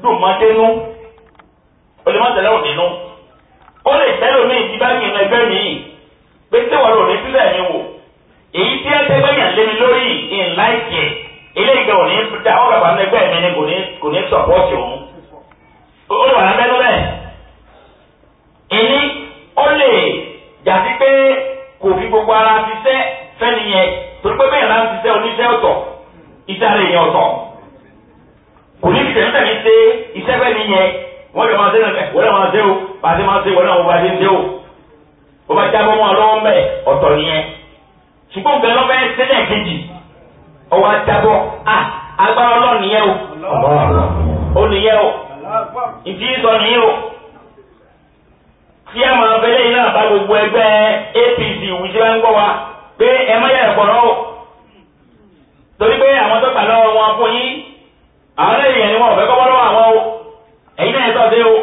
dùn mọ́ dénú o lè má tẹ̀lé òní nú ó lè tẹ́lẹ̀ omi ìdí bá yìnbọn ẹgbẹ́ mi yìí pé tí wọ́n lò ní sílẹ̀ mi wò èyí tí ẹgbẹ́ yàn lé mi lórí ìnláìkì eléyìí kan ò da ọ̀rọ̀ ni kò ní kò ní sọ̀pọ̀tì òun ó lè wà lábẹ́nu bẹ́ẹ̀ ìní ó lè jàdí pé kò fi gbogbo ara fẹ́ni yẹn kò ní fi tẹ̀mítẹ̀mí iṣẹ́ fẹ́ ni yẹn wọ́n jọ máa ṣe náà wọ́n náà máa ṣe o bá a ṣe máa ṣe wọ́n náà wọ́n bá a ṣe ń ṣe o ó bá jábọ́ mọ́ ọlọ́wọ́ mbẹ́ ọ̀tọ̀ nìyẹn ṣùgbọ́n bẹ́ẹ̀ lọ́fẹ́ sílẹ̀ kejì ọwọ́ ajábọ́ a agbára ọlọ́ nìyẹn o ó nìyẹn o ìdí sọ nìyẹn o tí máa fẹ́ lẹ́yìn náà bá gbogbo ẹgbẹ́ APC wùsíwá ń gbọ́ wa pé ẹ má yẹ ẹ̀kọ́ náà o torí pé àwọn tó gbà lọ́wọ́ wọn fún yín àwọn náà dé o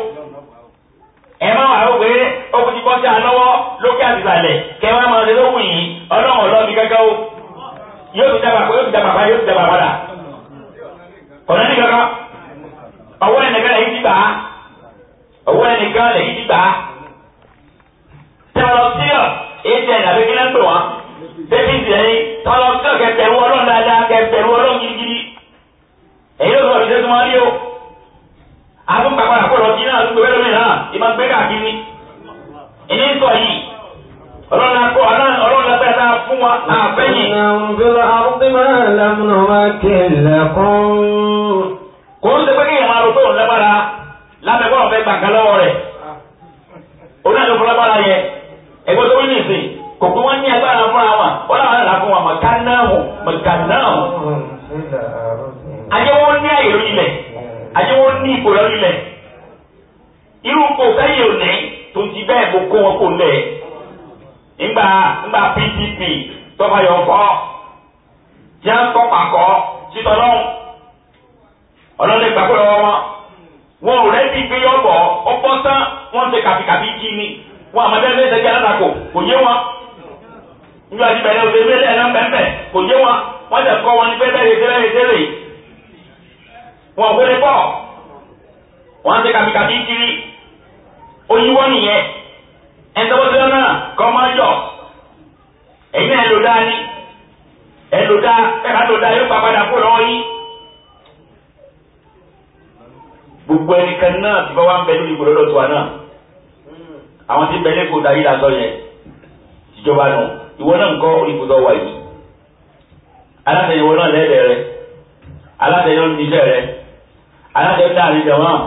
ẹ má wà ó pé ó kú ti bọ́ sí alọ́wọ́ lókè àtìsàlẹ̀ kẹ wá máa ṣe lóhùn yìí ọlọ́run ọlọ́mi gẹ́gẹ́ o yóò ti dábàá yóò ti dábàá padà yóò ti dábàá padà ọ̀nà ní kankan ọwọ́ ẹnìkan lẹ́yìn ti gbà á ọwọ́ ẹnìkan lẹ́yìn ti gbà á tẹ̀lọ́ síyọ̀ èyí tẹ̀ ẹ̀dá pépé lẹ́ńtò wọn pépé ìsẹ̀yìn tọ́lọ́ síyọ̀ kẹtẹ̀rú ọlọ́run dáadáa kẹtẹ̀rú ọlọ́run gidigidi èyí ló sọ àtún pàpàrà kó lọ sí náà àtún gbẹbẹ lómi náà ìmọ̀ gbẹ káàkiri ìní sọ yìí ọlọ́run akọ ọlọ́run lọ́pẹ́ ta fún wa àfẹ́yìn. ìyàwó àrùbí máa lámúnà wá kẹlẹ̀ kún. kò ń ṣe pé kéèyàn máa ro pé òun lágbára lábẹ́ bọ́ọ̀ fẹ́ gbà kan lọ́wọ́ rẹ̀ òun náà ló fún lágbára yẹ ẹgbẹ́ tó ní ìsìn kò pé wọ́n ní agbára fúnra wọn wọ́n náà là fún wa mọ̀kánáhùn mọ̀kánáhùn. àyẹ̀wò ní àyè àyè wọn ní ipò lórí ilẹ̀ irú kò sẹ́yìn òní tó ti bẹ́ẹ̀ mo kó wọn kò lẹ̀ ńgbà ńgbà PDP tọ́fayọ̀ kọ́ tí wọ́n kọ́ pàkọ́ títọ́ wọn wọn ò ti gbé ọ̀bọ̀ ọgbọ́n tán wọ́n ti kàbìkàbì ni wọn wọn ò gbére pọ̀ wọn á ṣe kàbíkàbí kiri oyíwọ́ nìyẹn ẹ̀ńtọ́wọ́sẹ́ náà kọ́ máa yọ ẹ̀yin náà ẹ̀ lò dáa ni ẹ̀ lò dáa ẹ̀ka tó dáa yóò pa padà kó lọ́wọ́ yìí gbogbo ẹnìkan náà tí bá wà ń bẹ lórí ìgbòlódò tó wa náà àwọn tí bẹ lẹ́kọ̀ọ́ darí làtọ̀ yẹn ìjọba nù ìwọ náà ń kọ́ olùkùtọ̀ wà yìí alátẹ̀yẹwò náà lẹ́ẹ̀dẹ̀ rẹ alátẹ̀yẹwò níṣẹ́ rẹ aláṣẹ láàrin jọ̀wọ́n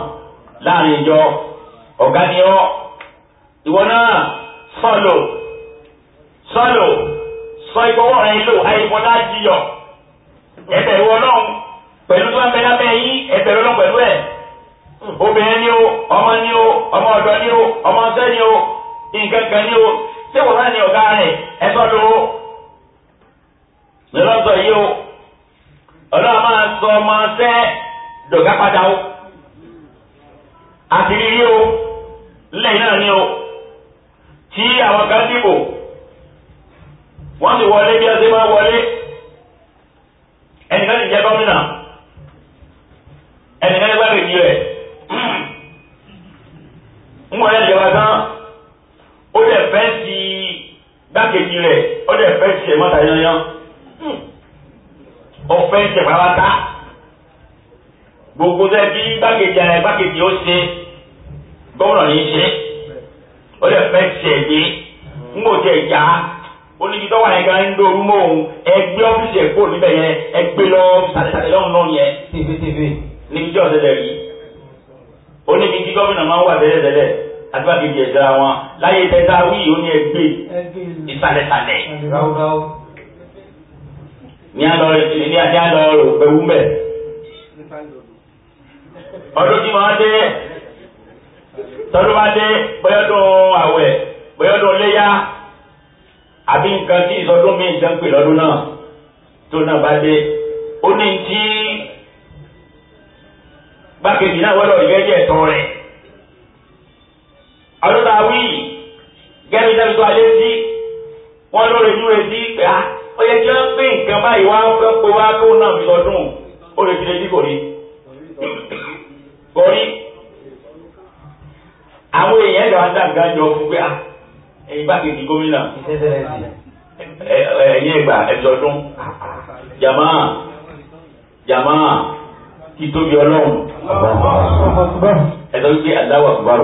láàrin ìjọ ọ̀gá ni ọ́ ìwọ náà sọ́lò sọ́lò sọ ìgbọ́wọ́ rẹ lò àìfọ́ láti yọ ẹ̀bẹ̀ ìwọ náà pẹ̀lú tó ń bẹ lábẹ́ yín ẹ̀bẹ̀ lọ́nà pẹ̀lú ẹ̀ obìnrin ni o ọmọ ni o ọmọ ọ̀dọ́ ni o ọmọ ọ̀sẹ́ ni o nǹkan ni o ṣé wọ́n náà ni ọ̀gá rẹ̀ ẹ sọ́lò o lọ́sọ̀ yìí o ọlọ́run máa sọ ọmọ ọ̀sẹ́ dọ̀gá padà o àti rírí o lẹ́yìn náà ni o tí àwọn kan dìbò wọ́n ti wọlé bí ọdún máa wọlé ẹnìkan ti jẹ gómìnà ẹnìkan ti gbàgbé ìdí rẹ̀ ń wọlé ìjọba tán ó lè fẹ́ sí gbàgéjì rẹ̀ ó lè fẹ́ sí ẹ̀mọ́ta yanyan ó fẹ́ sí ẹ̀pá ta gbogbo sẹ kí gbàgede ẹ gbàgede ó ṣe gbọmọdọ yìí ṣe ó lè fẹ tiẹ gbé ńgbò tiẹ já onídìtọ́ wà yẹn gan ń dorú òun ẹgbẹ́ ọ́fíìsì ẹ̀ kó yẹn ẹgbẹ́ lọ sàlẹ̀sàlẹ̀ lọ́run lọ́run yẹn tèfètèfè níbi tí ọ̀sẹ̀ tẹ̀lé oníbi tí gómìnà máa ń wà tẹ́lẹ̀ tẹ́lẹ̀ àdúrà kejì ẹ̀ wọn láyé tẹ́tà wíì ó ní ẹgbẹ́ e ìsàlẹ̀sàlẹ̀ ní àlọ́ rẹ̀ pẹ̀lú mẹ́ ọdún tí wọ́n dé tọ́dún bá dé bọ́yọ́dún àwẹ̀ bọ́yọ́dún léyà àbí nǹkan tí ìsọdún mi ìjọ ń pè lọ́dún náà tó náà bá dé ó ní tí gbàkejì náà wọ́dọ̀ ìgbẹ́jẹ̀ tọ́ rẹ̀ ọdún tá a wí gẹ́gẹ́ bí tó alẹ́ sí wọ́n lórí inú rẹ̀ sí pé ah, ó yẹ kí wọ́n pín nǹkan báyìí wá pé wá kó náà fi sọdún ó lè fi lè dí kò rí. alága pé ẹ̀yin bá gómìnà ẹ̀yin ẹgbà ẹ̀dọ́dún jàmá jàmá kí tóbi ọlọ́run ẹ̀dọ́ wípé aláwọ̀ àkùbárò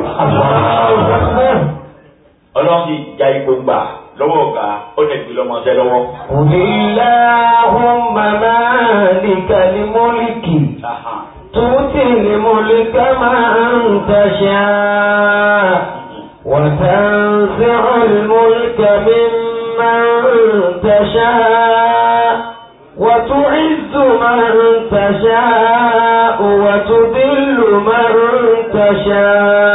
ọlọ́run ti ja ipò gbà lọ́wọ́ ọ̀gá ó lè lọ́mọ ọ̀sẹ̀ lọ́wọ́. Allahumma malikal mulki tu'til mulka man tasha. وتنزع الملك ممن تشاء وتعز من تشاء وتذل من تشاء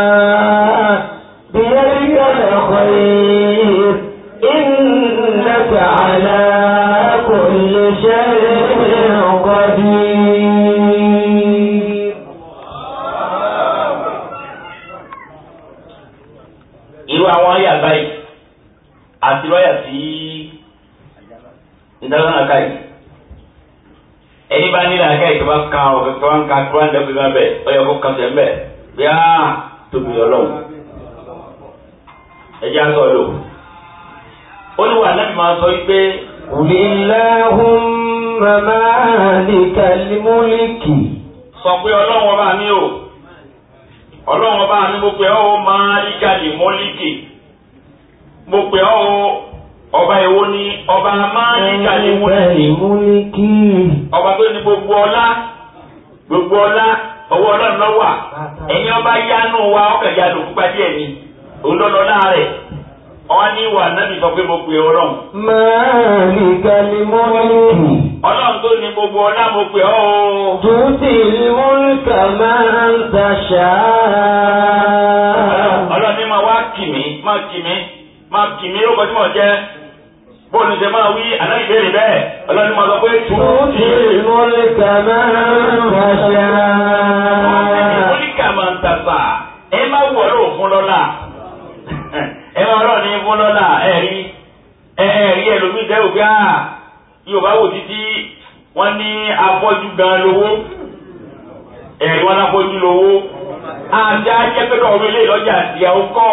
lẹ́yìn tó bá ka ọ̀rọ̀ kankan wá ń ka kúrán lẹ́bi náà bẹ̀ ọ yẹ kó kàṣẹ mbẹ̀ bí a tóbi ọlọ́run ẹ jẹ́ àtọ̀ lò ó ní wà lẹ́bi máa sọ wípé. Kùlìláhùnmá máàlìkal múlìkì. Sọ pé mi o, ọlọ́run ọba mi mo pè ọ́ máàlìkal múlìkì, mo pè ọ́ ọba ewo ni ọba amáníkà ni ọba tó ní gbogbo ọlá gbogbo ọlá ọwọ́ ọlọ́run wà ẹ̀yin ọba yánú wa ọkàn yánú púpà díẹ̀ ni òun lọ́lọ́ wọ́n ní ìwà nábì sọ pé mo pè ọlọ́run. máàlìkà ni múlíkì. ọlọ́run tó ní gbogbo ọlá mo pè ọ́ o. tùtì máa ń ọlọ́run ní ma wá kì mí kì mí kì bóòlù ṣe máa wí ànábì bẹ́ẹ̀ ọlọ́ni máa sọ pé tù. ó ti mọ́lẹ́kà máa ń rọṣẹ́. mọ́lẹ́kà máa ń tàfà ẹ má wù ọ̀rọ̀ fún lọ́la ẹ má ọ̀rọ̀ ní fún lọ́la ẹ rí ẹ rí ẹlòmíì tẹ́ òbí à yóò wò títí wọ́n ní afọ́jú gan lówó ẹ̀rí wọn afọ́jú lówó àti ajẹ́pẹ́tọ̀ ọ̀rọ̀ ilé ìlọ́jà àti àwọn kọ́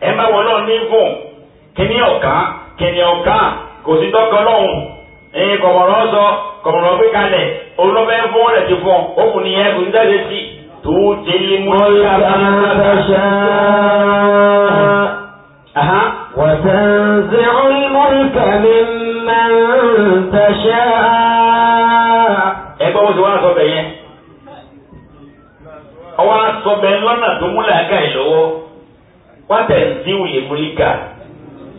ẹ má wọ náà ní gùn kíní ọ̀ká kíní ọ̀ká kò sí tọ́kọ lọ́hùn ẹ̀yin kọ̀mọ̀rọ̀ sọ kọ̀mọ̀rọ̀ gbé kalẹ̀ olùfẹ́ fún ọ̀rẹ́ ti fún ọ ó kù nìyẹn kò ní jáde sí tó ti lé mú. وتنزع الملك ممن تشاء ẹgbẹ́ wo ti wá sọ bẹ̀ yẹn ọwọ́ sọ bẹ̀ lọ́nà tó múlẹ̀ àgá ìlọ́wọ́ watanzi'ul mulka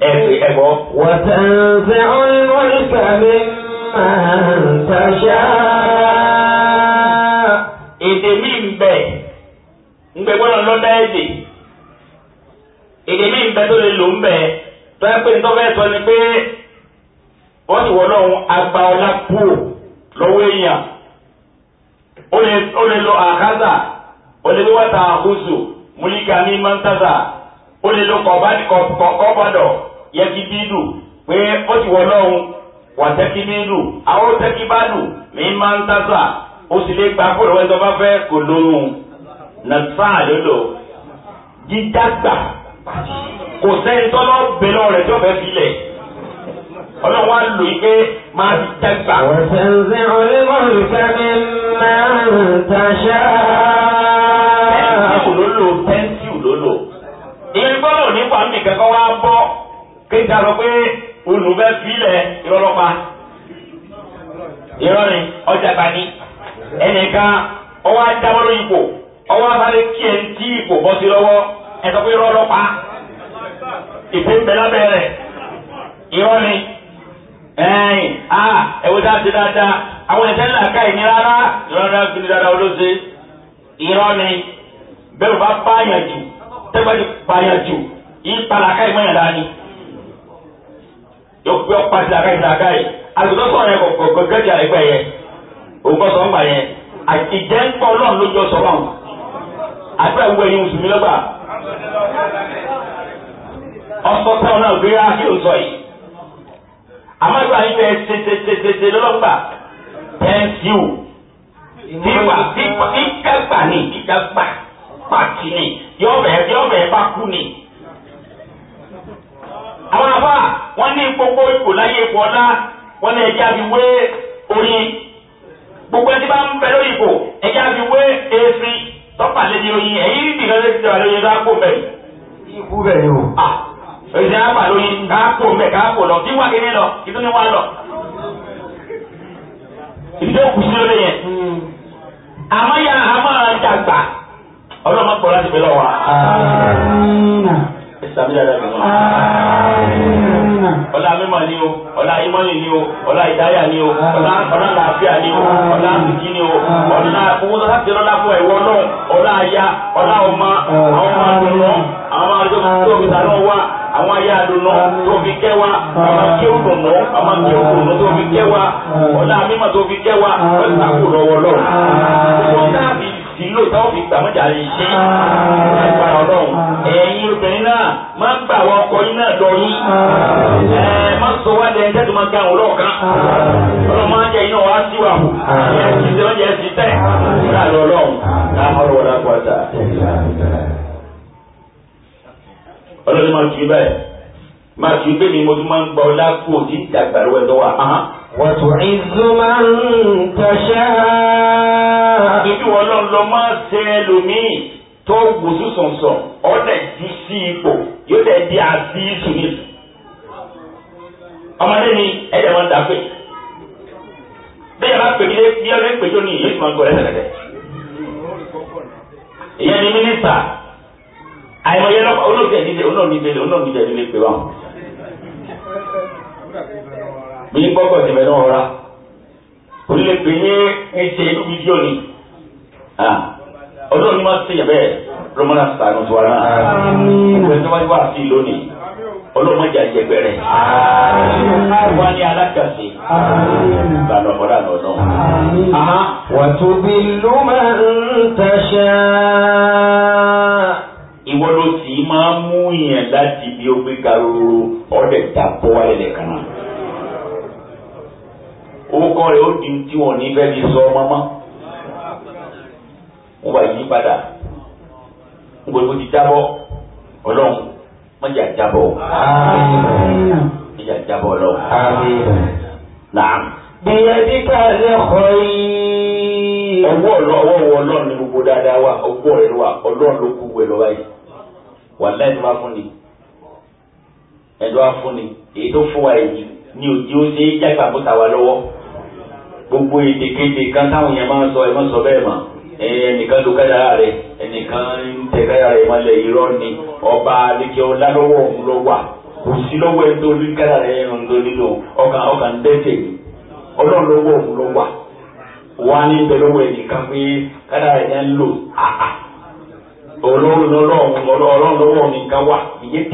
ẹ̀sìn ẹ̀gbọ́. watanzi'ul mulka mimman tasha. èdè mi ń bẹ ń gbẹ gbọ́dọ̀ lọ́dá èdè èdè mi ń bẹ tó lè lò ń bẹ tó yẹ pé nítorí ẹ̀ sọ ni pé wọ́n ti wọ̀ lọ́hùn agba ọlá kúrò lọ́wọ́ èèyàn ó lè lọ àkàtà ó lè lọ́wọ́ tààkùsù múlíkà ní mọ́ńtàtà ó lè lo kọ́bọ̀dọ̀ yẹkibídù pé ó ti wọ lọ́hùn wàtẹ́kibídù àwọn tẹ́kibádù mi máa ń tásà ó sì lè gba kó lọ́wọ́ ìjọba fẹ́ kò lóhùn nàṣáà lódò dídàgbà kò sẹ́ni tọ́lọ́ bẹ̀rẹ̀ rẹ̀ tó fẹ́ filẹ̀ ọlọ́run wa lò yí pé máa ti dàgbà. wọ́n ṣe ń sin olúmọ̀lùkẹ́ mi máa ń taṣá. tá a sọ pé olùbẹ́ filẹ̀ ìrọlọ́pàá ìrọ̀rìn ọjà gbani ẹnìkan ọwọ́ ajábọ́ lórí ipò ọwọ́ abálẹ̀ kí ẹ ti ipò bọ́ sí lọ́wọ́ ẹ pé ìrọlọ́pàá ìpè ń bẹ a ẹ̀wọ́ dá ti dáadáa àwọn ńlá ká rárá fi dáadáa bá jù jù yọpẹ ọpa ti làkàyè làkàyè àgùntàn sọ̀rọ̀ yẹn kọkọ gẹgẹ ẹgbẹ yẹn ògbọ́n sọ ńgbà yẹn ìjẹ́ ń pọ̀ lọ́n lójú ọsọ wọn àti àwọn ẹ̀yin mùsùlùmí lọ́gbà ọsọ táwọn náà gbé ákí ò sọ yìí àmọ́ ìgbà yín bẹ́ẹ̀ tètètètè lọ́gbà pẹ́ńsì ò nípa nípa ìkàgbà ní ìkàgbà pàtì ní yọ̀ọ̀bẹ̀ yọ̀ọ̀bẹ̀ bá kú ní àwọn àbá wọn ní gbogbo ipò láyé ipò ọlá wọn ní ẹja fi wé oyin gbogbo ẹtí bá ń bẹ lórí ipò ẹja fi wé èéfín tọ́pà lẹ́yìn oyin ẹ̀yìn rí bìkan lẹ́sìn tẹ̀wá lóyin bá kó mẹ́rin. ikú bẹ̀ ni o. èyí á bà lóyin ká kó mẹ́ ká kó lọ kí wà kéde lọ kí tó ní wà lọ. ìdílé kù sí lórí yẹn. àmọ́ ya àmọ́ àjàgbà ọlọ́mọ pọ̀ láti bẹ̀ lọ́wọ́ sàmì dáadáa jù ọlá mímọ́ ni o ọlá imọ́ni ni o ọlá ìdáyà ni o ọlá ọlá làáfíà ni o ọlá àbùkí ni o ọlá owó tó láti lọ́lá fún ẹ̀wọ́ náà ọlá aya ọlá ọmọ àwọn ọmọ àdùnnà àwọn àdùnnà tó fi sàánú wa àwọn ayé àdùnnà tó fi kẹ́ wa àwọn akí òdùnnà àwọn akí òdùnnà tó fi kẹ́ wa ọlá mímọ́ tó fi kẹ́ wa ọlá àkùrọ̀ wọ sí lò táwọn fi gbàmọ́jà rẹ̀ ṣe ah. agbára ọlọ́run ẹ̀yin obìnrin náà máa ń gbà wọ ọkọ yín náà lọ yín ah. ẹ̀ má sọ wá dẹ̀ ẹ̀jẹ̀ tó máa ga òun lọ́ọ̀kan ah. ọlọ́run máa ń jẹ iná wá sí wàhù ẹ̀ ti tẹ̀ ẹ̀ ti tẹ̀ ká ọlọ́run ká ọlọ́ wọlé àgbàdà. ọlọ́run máa kì í bẹ́ẹ̀ máa kì bẹ́ẹ̀ ni mo tún máa ń gbọ́ lápò tí ìdàgbàrú ẹ̀ وتعز من تشاء àbíbí wọn lọ lọ máa ṣe ẹlòmíì tó wùsù sọ̀nsọ̀ ọ̀dẹ̀ di sí ipò yóò dẹ̀ di àti ìsúnì. ọmọdé ni ẹ̀jẹ̀ máa ń dàgbé bẹ́ẹ̀ bá pè nílé bí ọdún pè tó ní ìyẹn tó máa ń gbọ́ lẹ́sẹ̀kẹsẹ̀. ìyẹn ni mínísítà àìmọye olóògbé ẹ̀dídé olóògbé ẹ̀dídé olóògbé ẹ̀dídé pè wá bí gbọ́gbọ́ tẹ̀mẹ́ náà rà ó lè pè ní ń ṣe inú fídíò ni ọlọ́run ní máa ń ṣèyàn bẹ́ẹ̀ lọ́mọdé sàánù tó wà náà ìwé tó wáyé wá sí lónìí ọlọ́run máa jẹ àjẹgbẹ́ rẹ̀ wá ní alájàsí ìbànú ọ̀dà lọ́nà. wàtúbí ló máa ń tẹ̀sẹ̀. ìwọ ló sì máa mú yẹn láti bí ó gbé garoro ọ̀dẹ̀ dàpọ̀ wálé lẹ̀ kan náà orúkọ rẹ̀ ó di tí wọn ò ní fẹ́ fi sọ ọmọ mọ́ wọn bá yí padà gbogbo ti jábọ́ ọlọ́run mọ̀jà jábọ́ mọ̀jà jábọ́ ọlọ́run naam. bìyànjú ká lè kọ́ yìí. ọwọ́ ọlọ́wọ́ ọlọ́run ní gbogbo dáadáa wa ọgbọ́ rẹ̀ wa ọlọ́run ló kú wẹ̀ lọ́wọ́ yìí wàláì tó bá fún ni ẹ̀dọ́ á fún ni èyí tó fún wa yìí ni òjì ó ṣe é jágbàgbọ́ta wa lọ́wọ́. gbogbo èdèkéde kan táwọn èèyàn máa ń sọ ẹ má sọ bẹ́ẹ̀ mọ́ ẹnìkan ló rẹ ẹnìkan ń ọba ọlálọ́wọ́ wà kò sí lọ́wọ́ tó ní rẹ ń lọ nínú ọkàn ọkàn ni ọlọ́run lọ́wọ́ òun lọ wà wà ní ibẹ̀ ẹnìkan pé kádàrá rẹ ń lò àhà ọlọ́run lọ́wọ́ nìkan wà ìyẹn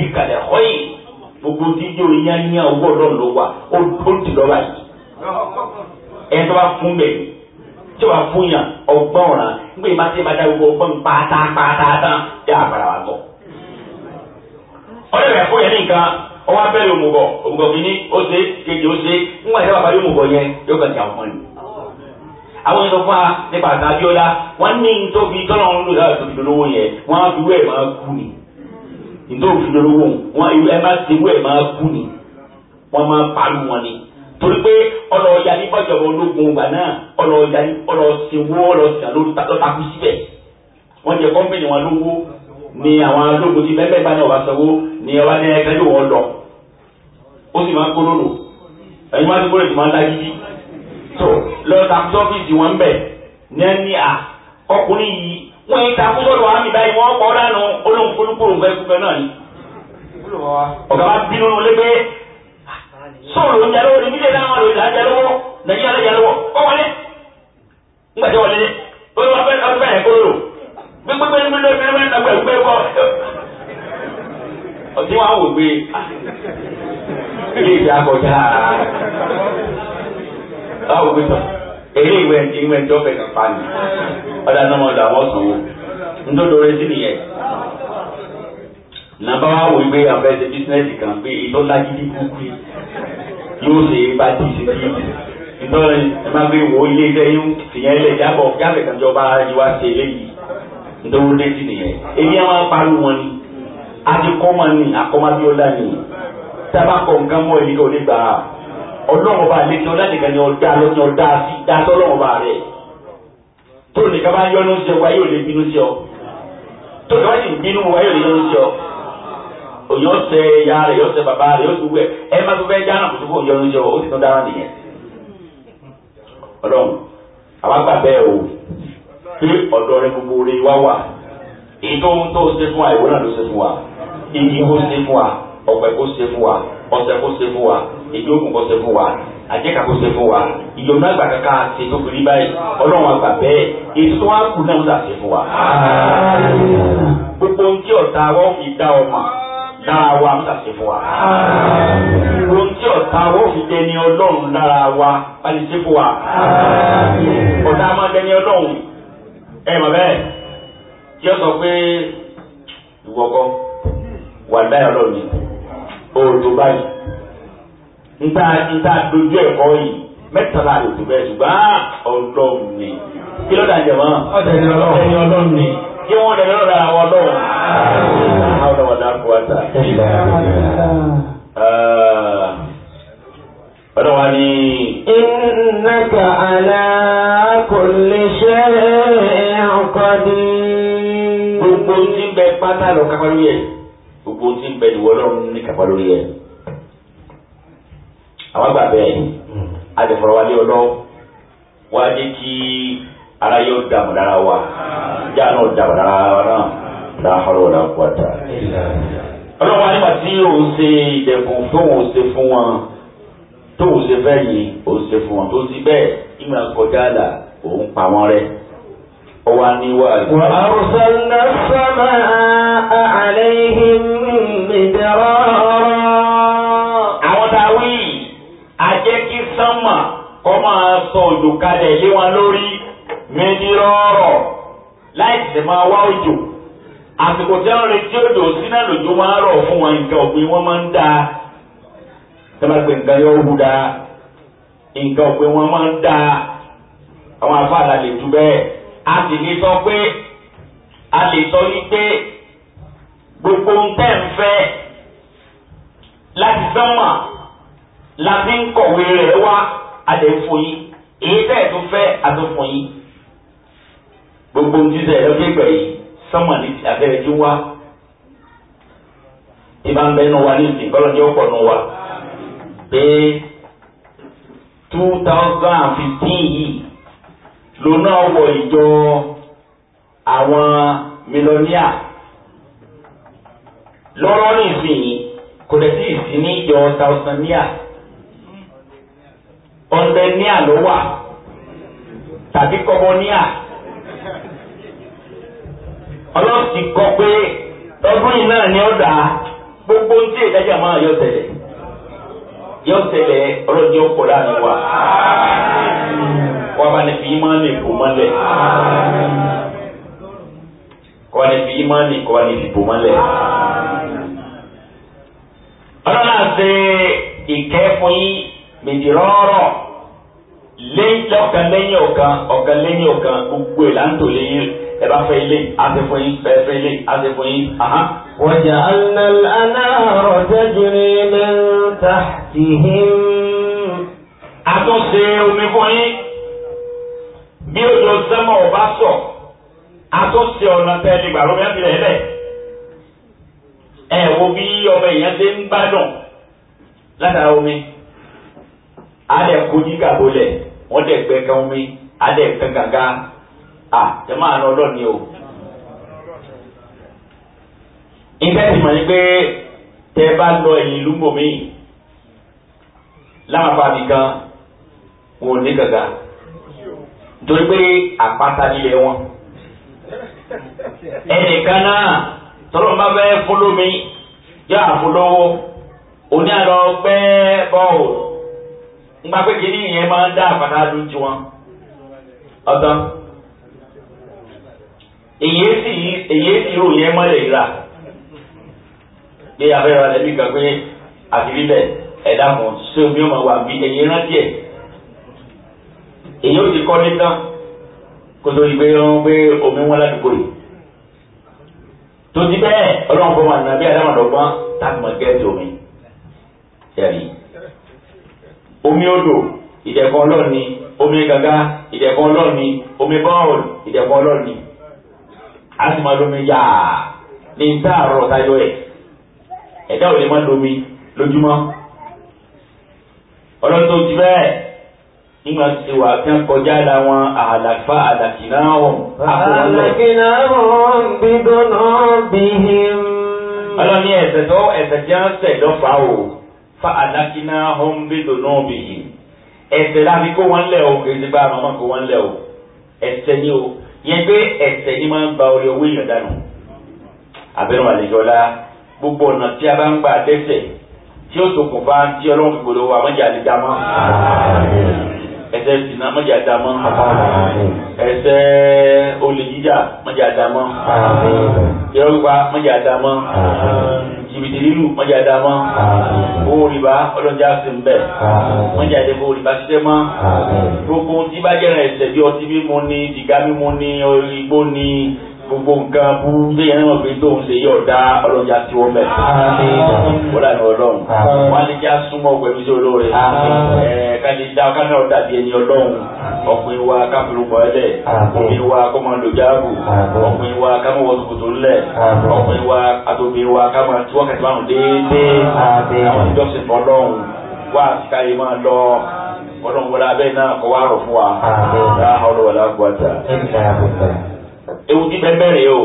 ẹni tó bá fún bẹ tí wàá fún yàn ọgbọ́n ọ̀ràn nígbà yìí bá ti bá dá gbogbo ọgbọ́n pátápátá tán yà á padà wà gbọ́. ọ̀rẹ́ rẹ̀ fún yẹn ní nǹkan ọwọ́ abẹ́rẹ́ òmùgọ̀ òmùgọ̀ kìíní ó ṣe kejì ó ṣe nígbà yìí bàbá yóò mùgọ̀ yẹn yóò kàn jà ọ̀pọ̀ ni. àwọn yẹn tó fún wa nípa àgbà Abíọ́lá wọ́n ní nítorí tọ́lọ́run ló dára tó fi dolówó yẹn wọ́n á fi wé ẹ̀ máa kú ni nítorí fi dolówó wọn ẹ má ti wé máa kú ni wọ́n máa pàlù wọn ni torí pé ọlọ ọjà ní bọ́jọ̀bọ̀ ológun ìgbà náà ọlọ ọjà ní ọlọ ṣèwọ́ ọlọ ṣìyà lọ́tàkù síbẹ̀ wọ́n jẹ kọ́mpìnì wọn lówó ni àwọn ológun ti bẹ́ẹ̀ bẹ́ẹ̀ bá náà wá sanwó ni ẹ wá ní ẹgbẹ́ yóò wọ́n lọ ó sì máa ń kóló lò ẹ̀yin wá ní kóló ti máa ń dá yíyí tó lọ́tàkù sọ́fíìsì wọn bẹ̀ ní ẹni à ọkùnrin yìí wọ́n yìí takú sọ́dọ̀ àmì báyìí wọ́n kọ́ sóòlù ń jalówó ní nílé náà lórí là ń jalówó nàìjíríà lè jalówó ó wọlé ńgbàjọ wọlé dé bóyá wọn fẹ́ káfíńtà yẹn kóró gbégbégbé ní mílíọ̀nù mílíọ̀nù náà gbẹ gbẹ bọ ọtí wọn wò gbé ilé ìjà kọjá báwo gbé tán èyí ìwé ìwé ìjọba ìkàpá ni ọ̀dà náà wọn lọ àwọn sọ̀wọ́ ńdọ́dọ̀ rẹ sí nìyẹn nàbà wà wò wípé àwọn ẹsẹ̀ bísínẹ́sì kan pé ìtọ́lá gidi kúkú yóò ṣe bá ti ṣe kí ìtọ́lá ẹ má gbé wò ó lé sẹ́yìn tìyẹn lẹ̀ jábọ̀ jábẹ̀ kan jọba yíwá ṣe eléyìí nítorí ó dé sí nìyẹn èmi àwọn apariwo wọn ni àti kọ́mọ ni àkọ́mọdéọ́lá ni sábà kọ̀ nǹkan mọ́ ẹ̀mí kò ní gbà á ọlọ́run bá lé ní ọlá nìkan ni ọ̀dá lọ́ni ọ̀dá sí dáṣọ́ ọlọ́run bá rẹ̀ tó nìkan bá yọ́nú sí ọ wáyé ò lè bínú sí ọ tó nìkan bá sì bínú wáyé ò lè yọ́nú sí ọ. Oh, òyìn ọ̀sẹ̀ ìyá rẹ̀ yọ̀sẹ̀ bàbá rẹ̀ yọ̀sẹ̀ wẹ̀ ẹ má tó fẹ́ jáná kó tó fún òyìn oníṣẹ́ ó sì tún dára nìyẹn. ọlọ́run àwa gbà o pé ọ̀dọ̀ rẹ gbogbo rẹ wá wà èyí tó ń tó ṣe fún wa ìwọ náà ló ṣe fún wa iyì kó ṣe fún wa ọ̀pẹ kó ṣe fún wa ọ̀sẹ̀ kó ṣe fún wa èdè òkun kó ṣe fún wa àjẹkà kó ṣe fún wa ìjọba àgbà kankan àti tó fi rí báyìí ọlọ́run àgbà bẹ́ẹ̀ èyí tó wá kù náà fún wa. gbogbo ohun tí ọ̀tá fi dá ọmọ lára wa ń tàṣe fún wa. Ìròyìn tí ọ̀tá ó fi dẹni ọlọ́run lára wa bá lè ṣe fún wa. Ọ̀tá máa dẹni ọlọ́run ẹ̀ mọ̀ bẹ́ẹ̀ tí ó sọ pé ìwọ́kọ́ wà láyọ̀ ọlọ́run ni òòtò báyìí. Nta nta dojú ẹ̀kọ́ yìí mẹ́tàlá àti òtún bẹ́ẹ̀ ṣùgbọ́n ọlọ́run ni. Kí ló dà jẹ̀ mọ́? ọlọ́run ni kí wọ́n lè lọ́rọ̀ lára wọn lọ́wọ́. àwọn ọ̀dọ́ wọn náà kú wá tà. ọ̀dọ́ wa ni. innaka ala kulli shay'in qadir. gbogbo tí ń bẹ pátá lọ kápá lórí ẹ gbogbo tí ń bẹ ìwọ lọ́run ní kápá lórí ẹ. àwọn àgbà bẹ́ẹ̀ adìfọ̀rọ̀wálé ọlọ́ wá jẹ́ kí ara yóò dààmú lára wa já náà já padà rárá náà láhàrọ̀ làkúwàtà. ọlọ́wọ́ nígbà tí òun ṣe ìdẹ̀kùn tóun ṣe fún wọn tóun ṣe fẹ́ yìí òun ṣe fún wọn tó ti bẹ́ẹ̀ ìgbà kọjá là òun pa wọn rẹ́ ó wá ní wà á rọ̀ṣọ́nà sọ́mà àlẹ́yìn mìdírọ́. àwọn táwí a jẹ́ kí sánmà kọ́ máa sọ òjò kalẹ̀ lé wọn lórí mìdírọ́rọ̀ láì sì máa wá òjò àsìkò tí wọ́n retí òjò sí náà lòjò máa rọ̀ fún wọn nǹkan ọ̀gbìn wọn máa ń da tẹ́lá pé nǹkan yóò hù da nǹkan ọ̀gbìn wọn máa ń da àwọn afáàlà lè tu bẹ́ẹ̀ a sì lè sọ pé a lè sọ yí pé gbogbo ń tẹ̀ ń fẹ́ láti sánmà láti ń kọ̀wé rẹ̀ wá a fún yín èyí tẹ̀ tó fẹ́ a fún yín gbogbo ohun jíjẹ ẹ̀yọ́kẹ́ gbẹ̀ yìí sánmà ní abẹ́rẹ́ tí ń wá tí bá ń bẹ́ nù wa ní ìsìn kọ́lọ́jẹ́ ọ̀pọ̀ nù wa pé two thousand and fifteen yìí lónà wọ ìjọ àwọn mílíọ̀nìà lọ́rọ́ ní ìsìn yìí kò dẹ̀ sí ìsìn ní ìjọ tàùsàníà ọ̀ndẹ̀níà ló wà tàbí kọ́bọ̀níà ọlọ́run ti kọ pé lọ́dún yìí náà ni ó dà á gbogbo ń tí ìdájọ́ àmọ́ yóò tẹ̀lé yóò tẹ̀lé ọlọ́dún yóò kọ́ láàrin wa wọ́n bá ní fi ìmọ̀ ní ìbò mọ́lẹ̀ kọ́ ní fi ìmọ̀ ní kọ́ ní ìbò mọ́lẹ̀ ọlọ́run àti ìkẹ́ fún yín méjì rọ́ọ̀rọ̀ lẹ́yìn lọ́kàn lẹ́yìn ọ̀kan ọ̀kan lẹ́yìn ọ̀kan gbogbo ẹ̀ là lẹ́yìn ẹ bá fẹ́ ilé àti fún yín bẹ́ẹ̀ fẹ́ ilé àti fún yín. وجعلنا الأنهار تجري من تحتهم. àtúnṣe omi fún yín bí ojú sẹ́mọ̀ ọba sọ àtúnṣe ọ̀nà tẹ́lẹ̀ ìgbà lómi ẹ̀fìlẹ̀ ẹ̀lẹ̀ ẹ̀ wo bí ọmọ èèyàn ṣe ń gbádùn látara omi adẹ̀ kojú gàbọ̀lẹ̀ wọ́n dẹ̀ gbẹ kan omi adẹ̀ kan gàgà. Ah, jẹ́ máa lọ ni o. ìfẹ́sì mọ̀ ní pé tẹ́ bá lọ ẹ̀yìn ìlú bòmí láwọn kan ní gàgà nítorí pé àpáta nílẹ̀ wọn ẹnìkan náà tọ́lọ́ bá fẹ́ fọlọ́mi yọ àfọlọ́wọ́ òní àlọ́ pẹ́ bọ́ọ̀lù ńgbà pé kínní yẹn máa èyí sì èyí sì rò yẹn mọ́lẹ̀ rírà pé abẹ́rẹ́ rẹ̀ bí kan pé àti bíbẹ̀ ẹ̀dá kan ṣé omi ọmọ wa bí èyí rántí ẹ̀ èyí ò ti kọ́ ní tán kó tó di pé wọ́n pé omi wọn ládùúgbò yìí tó ti bẹ́ẹ̀ ọlọ́run fọwọ́ àná bí adámọ̀dọ́gbọ́n táàbù mọ́ gẹ́ẹ̀tì omi ẹ̀rí omi odò ìdẹ̀kọ́ ọlọ́ọ̀ni omi gàgá ìdẹ̀kọ́ ọlọ́ọ̀ni omi bọ́ọ̀lù ìdẹ̀kọ́ ọlọ́ọ̀ni a sì máa lómi yáa ní n táà rọ̀ tayọ ẹ̀ ẹ̀dá ò lè má lómi lójúmọ́ ọlọ́run tó ti bẹ́ẹ̀ nígbà tí wà á kàn kọjá la wọn àlàfà àlàkìnà ọ̀hún. àlàkìnà ọ̀hún gbígbóná bìhìm. ọlọ́ni ẹ̀sẹ̀ tó ẹ̀sẹ̀ tí wọ́n sẹ̀ lọ́fà o fa àlàkìnà ọ̀hún gbígbóná bìhìm. ẹ̀sẹ̀ láti kó wọn lẹ̀ o kì í kó wọn lẹ̀ o ẹ̀sẹ̀ ni o yẹn pé ẹ̀ṣẹ̀ ni máa ń ba orí owó èèyàn dànù abẹ́rẹ́ màlẹ́jọ́lá gbogbo ọ̀nà tí a bá ń gbà dẹ́ṣẹ̀ tí ó ṣokùnfà tí ọlọ́run fi gbòòrò wa mọ́jà lè dá mọ́ ẹ̀ṣẹ̀ ìsìnà mọ́jà dá mọ́ ẹ̀ṣẹ̀ olè jíjà mọ́jà dá ìrọ́gbà mọ́jà dá jìbìtì lílù mọ́jà dá mọ́ owó rìbá ọlọ́jà sí ń bẹ̀ mọ́jà dé fowó rìbá ṣiṣẹ́ mọ́ gbogbo tí bá jẹ́ràn ẹ̀sẹ̀ bí ọtí mímu ni dìgá mímu ni igbó ni gbogbo nǹkan fún bíyẹn náà fi tóun ṣe yóò dá ọlọ́jà tí wọ́n mẹ́. wọ́n lànà ọlọ́run wọ́n á lè já súnmọ́ pẹ̀lú sí olóore. ká lè dá ká dàbí ẹni ọlọ́run ọkùnrin wa ká fi obìnrin wa kó jáàbù ọkùnrin wa ká máa wọ tòkòtò ńlẹ̀ ọkùnrin wa àtòbìnrin wa ká tí wọ́n kẹ́tì márùn déédéé àwọn ìjọsìn ọlọ́run wá àtikáyé ọlọ́run wọlé abẹ́ náà kọ́ wá rọ̀ fún wa ewu ti bẹ́ẹ̀ bẹ́ẹ̀ o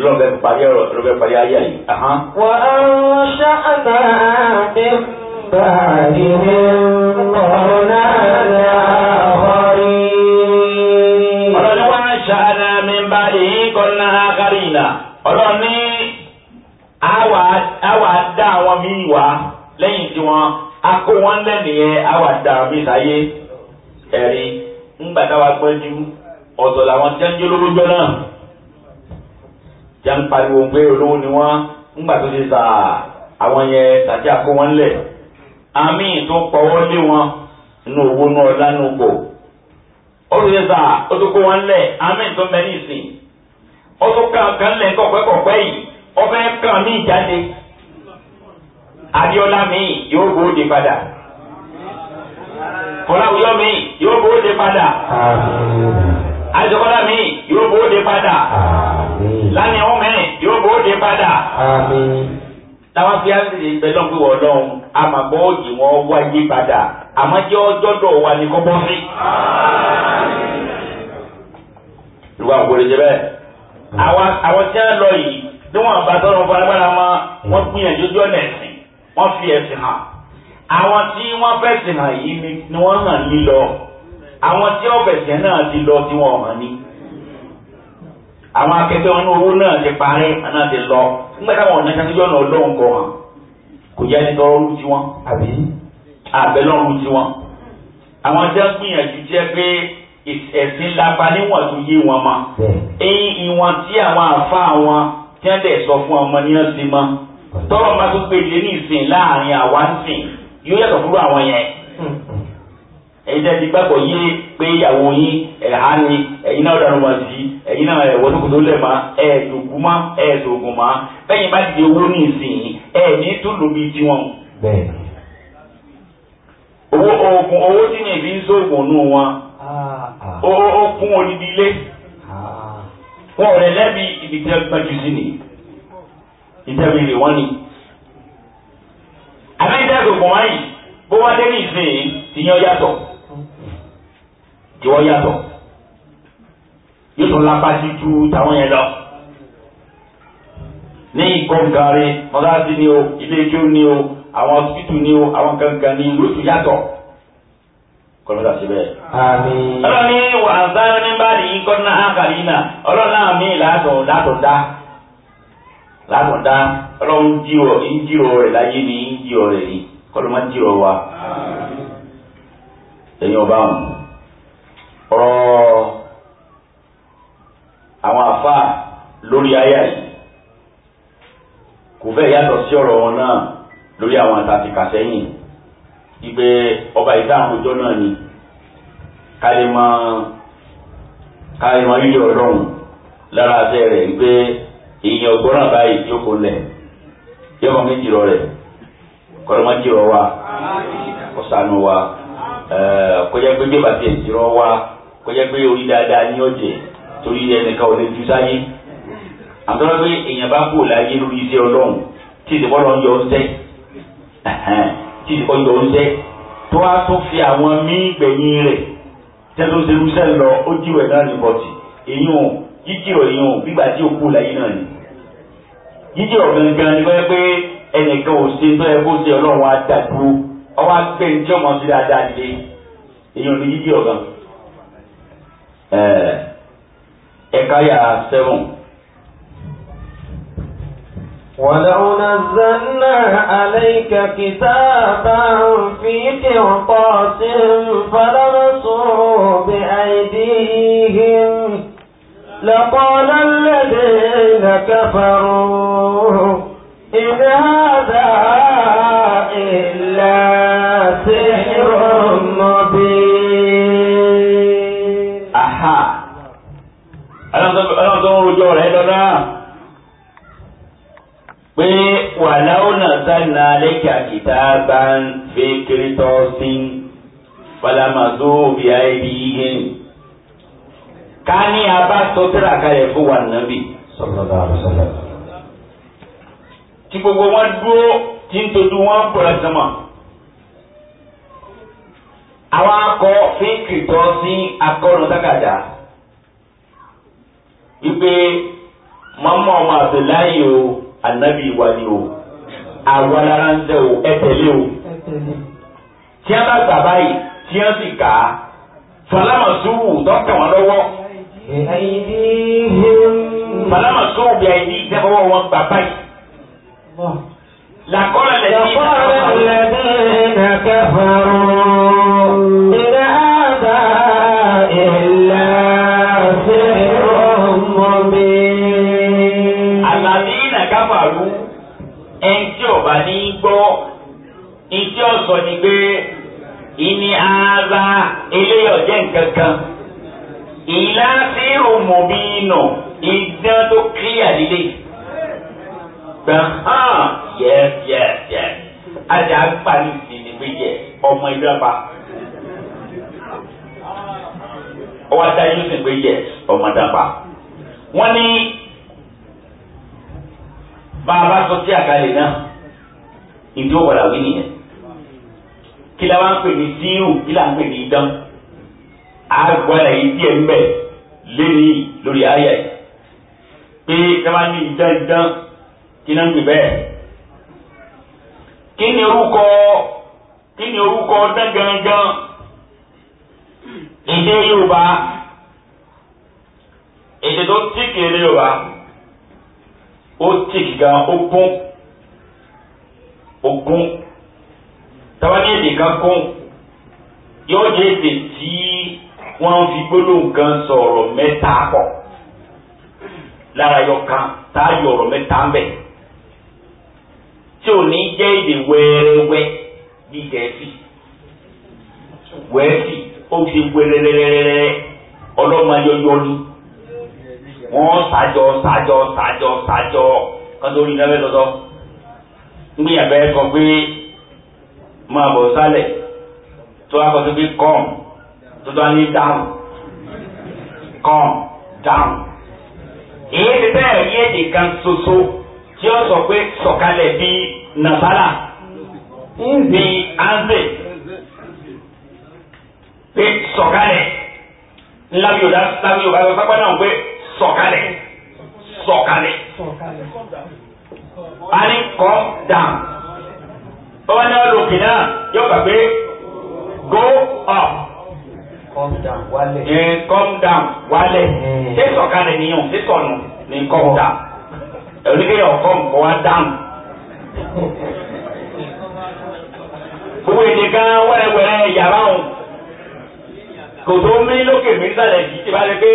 lọ́bẹ̀ parí ọ̀rọ̀ lọ́bẹ̀ parí ayé yìí. wà á ṣá àgbà àti bàbí mi ọ̀rọ̀ náà là ọ̀rí. ọlọ́ni wá ṣàánà mi bá èyí kan náà kárí ìlà ọlọ́ni àwa dá àwọn míì wá lẹ́yìn tí wọ́n a kó wọn lẹ́nìyẹn àwa dá àwọn míì sáyé ẹ̀rí ńgbà táwa gbọ́njú ọ̀tọ̀ làwọn tí wọ́n jẹ́ olówó jọ náà tí wọ́n pariwo pé olówó ni wọ́n ńgbà tó ṣe sà àwọn yẹn tàbí àkó wọn lẹ̀ àmì tó pọ̀wọ́ lé wọn inú owó inú ọ̀la inú kò ó ti ṣe sà ó tó kó wọn lẹ̀ àmì tó mẹ́ ìsìn ó tó ká kan lẹ̀ kọ̀pẹ́kọ̀pẹ́ yìí ọbẹ̀ kan mí jáde Adéọlá mi yóò gbóde padà. Kọ́láwùyọ́ mi yóò bó de padà àjọkọ́lá mi yóò bóde padà lánàá ọmọ ẹ yóò bóde padà táwọn fi àṣìṣe ń bẹ lọ́gbé wọ̀ lọ́hùn àmàgbọ́ òjì wọn wáyé padà àmọ́ jẹ́ ọjọ́dọ̀ wa ní kọ́kọ́ sí. ìwà òkòrè jẹ bẹ́ẹ̀ àwọn tí wọ́n lọ yìí tí wọ́n bá tọrọ faragbára mọ́ wọ́n gbìyànjú ojú ọ̀nà ẹ̀sìn wọ́n fi ẹ̀sìn hàn àwọn tí wọ́n fẹ̀sìn hàn yìí ni wọ́n hàn lílọ àwọn tí ọ̀fẹ̀sẹ̀ náà ti lọ tí wọ́n hàn ní àwọn akẹgbẹ́ wọn ní owó náà ti parẹ́ àná ti lọ nígbà táwọn ọ̀nà ìṣàkóso ọ̀nà ọlọ́run kọ̀ hàn kò yá ní tọrọ lù tiwọn àbí àbẹ̀lọ́run tiwọn àwọn tí wọ́n gbìyànjú jẹ́ pé ẹ̀sìn lápá níwọ̀n tó yé wọn mọ́ ẹ̀yìn ìwọ̀n tí àwọn àfa wọn tí wọ́n dẹ̀ sọ fún ọmọ ní ọ̀sẹ̀ mọ́ tọrọ máa tó péjì ní ìsìn láàrin àwa ń sìn yóò yàtọ̀ fúru àwọn yẹn. Hmm ẹ̀yin tẹ́ ti gbàgbọ́ yé pé ìyàwó yín ẹ̀há ni ẹ̀yin náà dànù wá sí ẹ̀yin náà ẹ̀wọ́ tó kù tó lẹ̀ má ẹ̀ẹ́dùnkú má ẹ̀ẹ́dùnkún má bẹ́yìn bá ti di owó ní ìsìn ẹ̀ẹ́dì tó lò bí tiwọn. owó oògùn owó tí ní ìbí ń sóògùn nù wọn ah. okun odidi ilé ah. wọn ò lẹ́bi ibi tí sí ni ìtẹ̀wé rè wọ́n ni. àbẹ́ńtẹ́ àgbègbè wọ́n yìí bó wá dé ní ìsìn ìyẹn ó ìwọ yàtọ̀ yóò tún lápá sí ju táwọn yẹn lọ ní ìkọ̀ǹgàre mọ́sáàsì ni o ilé ijó ni o àwọn ọsibítù ni o àwọn gangan ni yóò tún yàtọ̀ kọlọmọdà sí bẹ́ẹ̀. àmín. ọlọ́ni wà á sáré ní báyìí kọ́nà àkàrí náà ọlọ́nà mi látọ̀ látọ̀ dá látọ̀ dá ọlọ́run jírò ń jírò rẹ̀ láyé ni ń jírò rẹ̀ ni kọlọmọdà jírò wa. ẹ̀yin ọba ọ̀hún. ọ̀rọ̀ àwọn àfá lórí àyà yìí kò fẹ́ yàtọ̀ sí ọ̀rọ̀ wọn náà lórí àwọn àtàtìkà sẹ́yìn ọba ìdáhùn náà ni kalima mọ́ ọlọ́run lára àtẹ rẹ̀ ìgbẹ́ èèyàn ọgbọ́n báyìí tí ó kò kọjá pé orí dáadáa ní ọ̀jẹ̀ torí ẹnìkan ò lè ju sáyé àtọ́lá pé èèyàn bá kú láyé lórí iṣẹ́ ọlọ́run tí ìdíkọ́ lọ ń yọ ọ́sẹ́ tí ìdíkọ́ yọ ọ́sẹ́ tó wá tó fi àwọn míì gbẹ̀yìn rẹ̀ tẹ́tọ́ serúṣẹ́ lọ ó jìwẹ̀ náà ní bọ̀tì èyí jíjìrọ̀ èyí gbígbà tí ó kú láyé náà ni jíjìrọ̀ gangan ni wọ́n pé ẹnìkan ò ṣe tó ẹ kó ṣe ọlọ́run á dàgbò ọwọ́ á gbẹ̀yìn tí ọmọ sí dáadáa lé èyí ò ní jíjìrọ̀ gan إكايا اه، seven. ولو نزلنا عليك كتابا في قرطاس فلمسوه بأيديهم لقال الذين كفروا إن هذا ọ̀dọ̀ rẹ̀ lọ́nà pé wàláwò náà sáyìn alẹ́kẹ́ àkìtà bá ń fi kiri tọ́ sí falamaso bí ayébi yíyé ká ní abá sọ tẹ́lá kalẹ̀ fún wa nàbì sallallahu alaihi wasallam tí gbogbo wọn dúró tí ń tojú wọn bọ̀rọ̀ sọmọ àwọn akọ fi kiri tọ́ sí akọ́nù dákàdá ipe mama ọmọ abdullahi o anabi wa o àwa lára o ẹ o tí a bá gbà báyìí tí a sì kà á falama sùúrù dọ́kítà wọn lọ́wọ́ falama sùúrù bí àìdí ìjẹ́fọwọ́ wọn gbà báyìí làkọ́lẹ̀ lẹ́yìn bọ̀ ni pé ìní ara eléyọ̀ jẹ́ nǹkan kan ìlà sí òmòmí nù ìdán tó kílíà lílé gbọ̀n hàn ah, yes yes yes ajá ń pa ní ìsinmi pé yẹ ọmọ ìlú apá ọwọ́ ajá yóò sì pé yẹ ọmọ dápá wọ́n ní bàbá sọ sí àkàlẹ̀ náà ìdí ó wí nìyẹn kí la wá ń pè ní síírù kí la ń pè ní idán àgbàlá yìí díẹ̀ ń bẹ̀ lẹ́ni lórí àyà yìí pé sábà ní idán idán kí náà ń pè bẹ́ẹ̀ kí ni orúkọ kí ni orúkọ dán gangan èdè Yorùbá èdè tó tíkì èdè Yorùbá ó tíkì gan ó gún ó gún tàbá de èdè kan kún de ti èdè tí wọ́n fi gbólóhùn kan sọ̀rọ̀ mẹ́ta pọ̀ lára yọ kan tá a yọ ọ̀rọ̀ mẹ́ta ń bẹ̀ tí ò ní jẹ́ èdè wẹ́rẹ́wẹ́ bí gẹ̀ẹ́sì wẹ́ẹ́sì ó ti wẹ́rẹ́rẹ́rẹ́rẹ́ ọlọ́mọdéjọ́ ni wọ́n sájọ sájọ sájọ sájọ kan tó rí náà bẹ́ẹ̀ lọ́dọ́ ń gbìyànjú ẹ̀ sọ pé máa bọ̀ sálẹ̀ tó wá kọ sí pé kọ́m tó tó wá ní dáhùn kọ́m dáhùn. èyí ti bẹ́ẹ̀ ní èdè kan ṣoṣo tí ó sọ pé sọ̀kalẹ̀ bí nàbàlà ń bí anze pé sọ̀kalẹ̀ ńlá bí yorùbá lábí yorùbá lọ sápá náà pé sọ̀kalẹ̀ sọ̀kalẹ̀. a ní kọ́ dáhùn bọ́wá ní wọ́n lo òkè náà yóò gbà pé go up. calm down wálẹ̀. ẹ calm down wálẹ̀. ṣé sọ̀kalẹ̀ nìyẹn ṣé sọ̀nù ni calm down. oníkéyọ̀ calm kọ́ wá down. gbogbo èdè kan wẹ́rẹ́wẹ́rẹ́ yàrá òun kò tó mí lókè mí sálẹ̀ yìí ti bá lè pé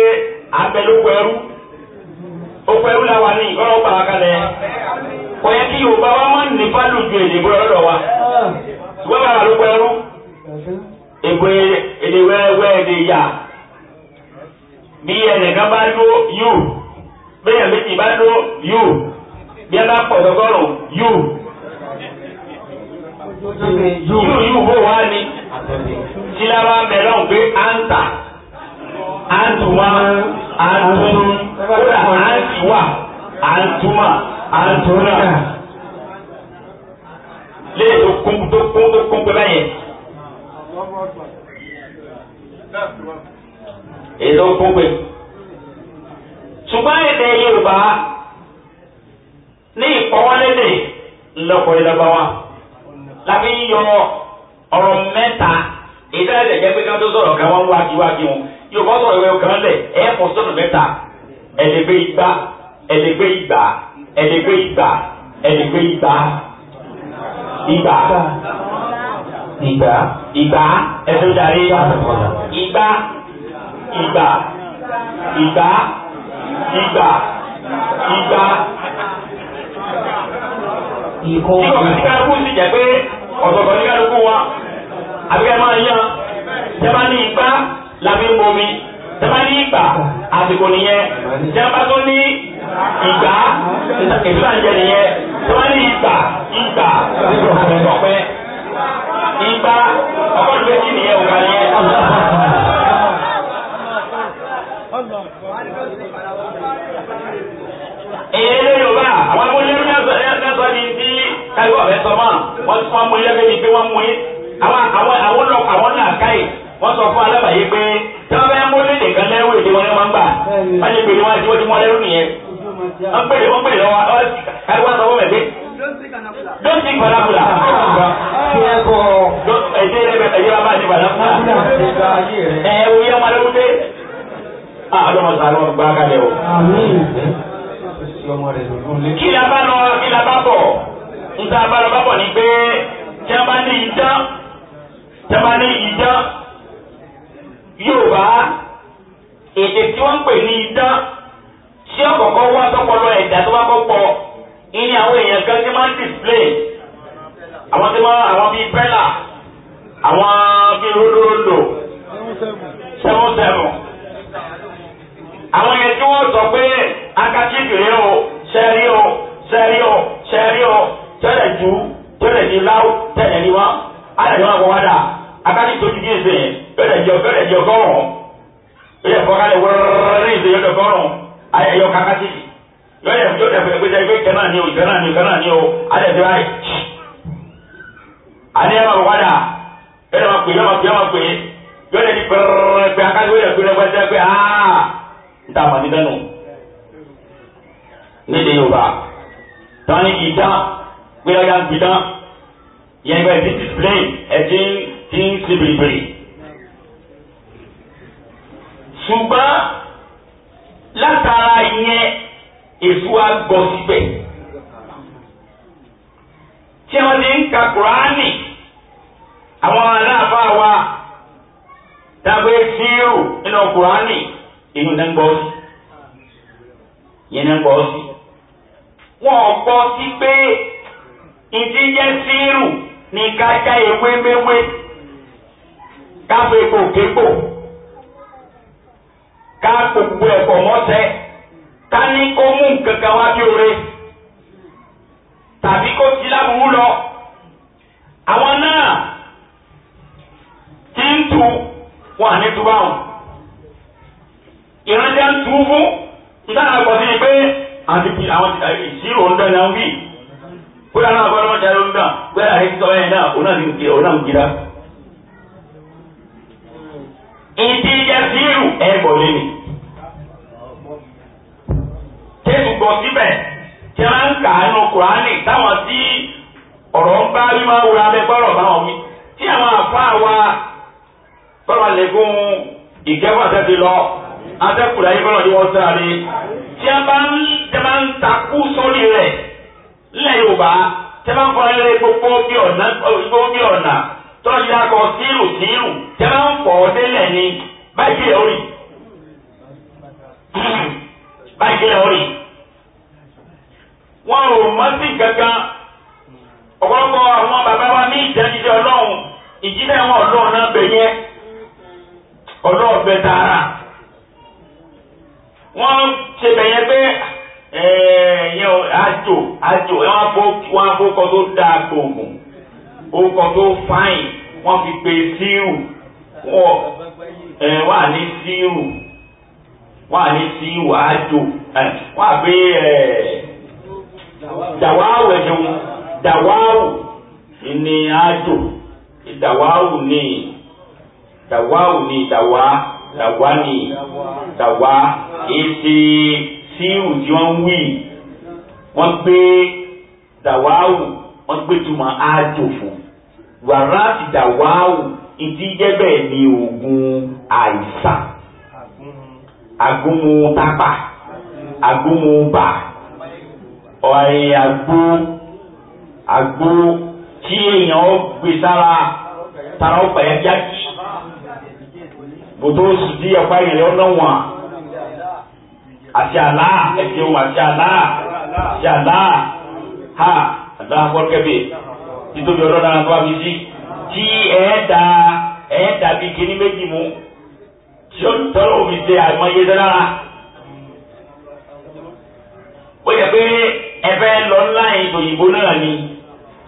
abẹ ló pẹ́rú ó pẹ́rú làwọn ní ìkọ́nà ó bàá kalẹ̀ kò yẹ kí yorùbá wa máa ń ní fálù ju èdè ìbò wa ṣùgbọ́n bàbá ló pẹ́ rú ègbè èdè wẹ́wẹ́ èdè yà bí ẹnìkan bá dúró yù bẹ́ẹ̀ méjì bá dúró yù bí ẹ bá pọ̀ sọ́gọ́rùn yù yù yù bó wá ní sílábà ń bẹ̀ lọ́hùn pé à ń kódà à ń àdúrà lè tó kún tó kún tó kún pẹ́ báyẹn. èyí tó kún pẹ́. ṣùgbọ́n èdè Yorùbá ní ìpọ́nlẹ́dẹ̀ lọ́kọ̀ọ́ ìlọ́gbà wa láfi ń yọ ọ̀rọ̀ mẹ́ta ìdára ẹ̀jẹ̀ jẹ́ pé ká tó sọ̀rọ̀ ká wọ́n wá kí wá kí wọn yóò bọ́ sọ̀rọ̀ ìwé ọ̀kan lẹ̀ ẹ̀ fọ́ sọ̀rọ̀ mẹ́ta ẹ̀lẹ́gbẹ́ igba ẹ̀lẹ́gbẹ́ igba ẹni pé ìgbà ẹni pé ìgbà ìgbà ìgbà ìgbà ẹsẹ̀ ìdarí ìgbà ìgbà ìgbà ìgbà ìgbà ìkó ìgbà tí kálukú sì jẹ́ pé ọ̀sọ̀kọ̀ ní kálukú wa àbíkẹ́ máa yan tẹ́ bá ní ìgbà lábẹ́ ń bomi tẹ́ bá ní ìgbà àsìkò nìyẹn tẹ́ bá tó ní ìgbà ìgbà ìjẹ nìyẹn tí wọ́n ní ìgbà ìgbà ìgbà ọ̀pẹ. bẹ́ẹ̀ ni wá adájọ́ náà kọ́ wá dà akáni tó jíjí ìsìn yọ̀dẹ̀ jẹ́ ọgọ́rùn-ún yọ̀dẹ̀ fọ́kálẹ̀ wọ́rọ́rọ́rọ́ ní ìsìn yọ̀dẹ̀ ún ayẹyọ kakati yọ̀dẹ̀ yọ̀dẹ̀ fẹ́ pé sẹ́yìn pé ni o ìkẹ́ ni o ìkẹ́ ni o adẹ̀ ti báyìí. àní ẹ̀ máa kọ́ pè yọ̀dẹ̀ pè yọ̀dẹ̀ pè yọ̀dẹ̀ ti pẹ̀rẹ̀rẹ̀ yẹn nípa ẹtí display ẹtí tí ń ṣe bìrìbìrì. ṣùgbọ́n látara yẹn èso àgọ́ síbẹ̀ tí wọ́n ti ń ka kuraani àwọn aláàfáà wa tàbí fíìrù nínú kuraani inú náà ń gbọ́ sí yẹn náà ń gbọ́ sí wọ́n gbọ́ sí pé ìdíyẹ fíìrù ní ká já ewé méwé káfọ epo képo ká gbogbo ẹ̀kọ́ mọ́sẹ̀ ká ní kó mú nǹkan kan wá bí oore tàbí kó ti láburú lọ àwọn náà ti ń tu wọn àní tu báwọn ìrántí à ń tu fún nítorí àgbọ̀dé ni pé àti ìṣirò ń dáná wí bóyá náà bọ́lá wọn darí omi náà bóyá àyè sọ ẹ̀ náà òun náà ní kí òun náà ń kira. ìdí yasiru ẹ̀ bọ̀ lẹ́nu. kéèkù gbọ́ síbẹ̀ tí wọ́n ń kà á nù kùránì táwọn tí ọ̀rọ̀ ń bá rí máa ń wura bẹ́ẹ̀ bọ́rọ̀ báwọn mi tí àwọn àfáà wa bọ́lá lè fún ìkẹ́wọ́ àtẹ́tí lọ àtẹ́kùrẹ́ ayé bọ́lá ni wọ́n sáré tí wọ́n bá ń takú sórí rẹ̀. ńlẹ̀ yorùbá tẹ́lá ń fọ gbogbo bí ọ̀nà gbogbo bí ọ̀nà tọ́jú akọ sírù sírù nfọ báyìí orí báyìí lè orí wọn ò mọ́tì kankan ọ̀pọ̀lọpọ̀ àwọn bàbá wa ní ìjẹ́jíjẹ ọlọ́run ọlọ́run náà bẹ̀ yẹn tààrà ṣe yẹn àjò adzo ẹ wọn wọn fọ kọ tó dáa gbòògùn wọn fi pe síìrù wọn ẹ wọn ní síìrù wọn ní síìrù àjò ẹ wọn à ẹ Dawawu wọn eh, dawa. síhù tí wọ́n ń wí wọ́n gbé dàwáwù wọ́n gbé túmọ̀ ájò fún wàrà ti dàwáwù ìdí jẹ́ bẹ́ẹ̀ ni oògùn àìsàn agúnmu tápà agúnmu bà ọ̀ẹ́ àgbo àgbo tí èèyàn ó gbé sára tara ó pẹ̀lẹ́ jákì bòtó sì ọ̀pá ìrìn ọ̀nà wọn àti àlá ẹ̀jẹ̀wò àti àlá àti àlá ha àlá akọ́kẹ́bẹ̀ títóbi ọlọ́dà àbá mi sí tí ẹ̀ẹ́dà ẹ̀ẹ́dà bíi kíní méjì mú tí ó tọ́lọ́ òfin ṣe àìmọye dára ó yẹ pé ẹ̀fẹ́ lọ ńlá ìdòyìnbó náà ni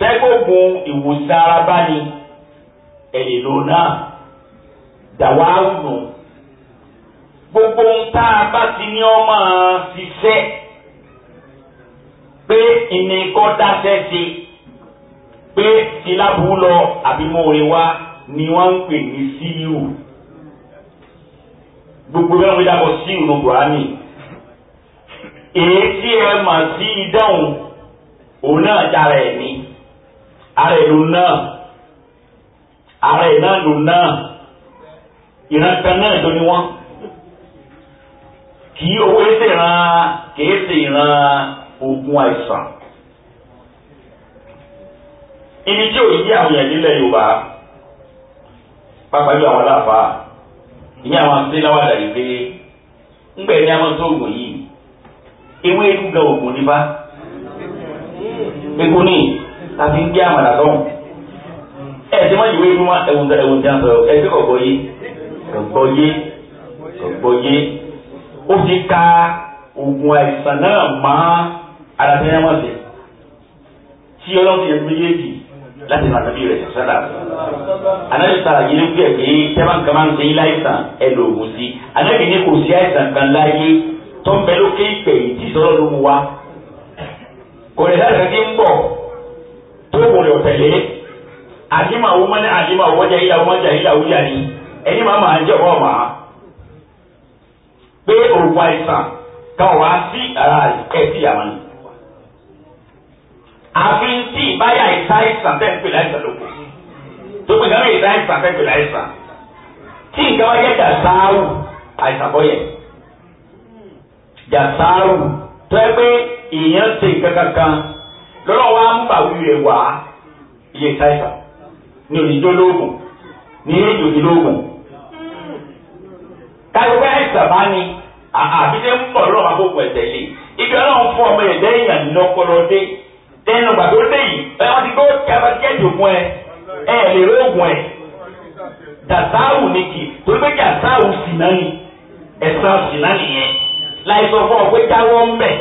tẹ́gbọ̀gùn ìwòsàn ara bá ní ẹ̀lẹ́lò náà dàwa nù gbogbo ń tá a bá ti ní ọmọ ṣiṣẹ́ pé ìnìkan dáṣẹ́ sí pé sílábù lọ àbí mòore ni wọ́n ń pè ní síyù gbogbo bẹ́ẹ̀ wọ́n dàbọ̀ síyù ní buhari èyí tí ẹ mà sí ìdáhùn òun náà dára ẹ̀ ní ara ẹ̀ ló náà ara ẹ̀ náà ló náà ìrántí náà ló ní wọ́n. kì í owó èsè ìran kì í sì ìran ogun àìsàn. ibi tí òyìnbí àwọn èèyàn nílẹ̀ yorùbá ìlú àwọn aláàfáà ìyá àwọn àtúndínláwà dàrí pé ńgbẹ̀ ní àwọn tó ga ní bá egun ní ń gbé àmàlà tí wọ́n yìí fún wa ẹ̀wùn tí wọ́n ẹ̀ tí kò ó ti ka oògùn àìsàn náà mọ́ adatẹ́yàmọ̀sẹ̀ tí ọlọ́sìn ẹ̀ méjèèjì láti nà nàbí rẹ̀ sọ̀sọ́dà. Ànábì sàrà yìí ló gbé pé tẹ́wọ́n kan máa ń sẹ́yìn láìsàn ẹ lò ògùn sí. Ànábì ní kò sí àìsàn kan láyé tó ń bẹ lókè ìpè yìí tí sọ́dọ̀ ló mu wá. Kò lè sáré kan tí bọ̀ tó kò lè tẹ̀lé. Àdìmọ̀ àwọn ọmọ àdìmọ̀ àwọn ọjà ìyá ọjà ìyá òwúyà ni. Ẹni máa máa jẹ́ ọ̀pọ̀ máa pé òògùn àìsàn kan wá sí ara ẹtì àwọn ni. àfi tí ìbáyà ìta àìsàn tẹ̀ ń pè láìsàn lóko tó pè káwé ìta àìsàn tẹ̀ ń pè láìsàn tí nǹkan wáyé dàsáàrù àìsàn bọ́ yẹ dàsáàrù tó yẹ pé èèyàn ṣe nǹkan kankan lọ́lọ́ wa ń bàwí rẹ̀ wá iye ìta àìsàn ní òdìjọ́ lóògùn ní èdè lóògùn káyọ̀ pé àìsàn bá ní àbí ṣe ń bọ̀ lọ́wọ́ àgbókò ẹ̀sẹ̀ lè ibi ọlọ́run fún ọmọ ẹ̀dẹ́ èèyàn ní ọpọlọ de dẹnu gbà tó dé yìí ẹ wọ́n ti gbé kábàkẹ́ẹ̀tì ògùn ẹ ẹ lè rí ògùn ẹ dàtàwù ni kì torí pé dàtàwù sì náà ni ẹ̀sán sì náà nìyẹn láì sọ fún ọ pé jáwọ́ ń bẹ̀.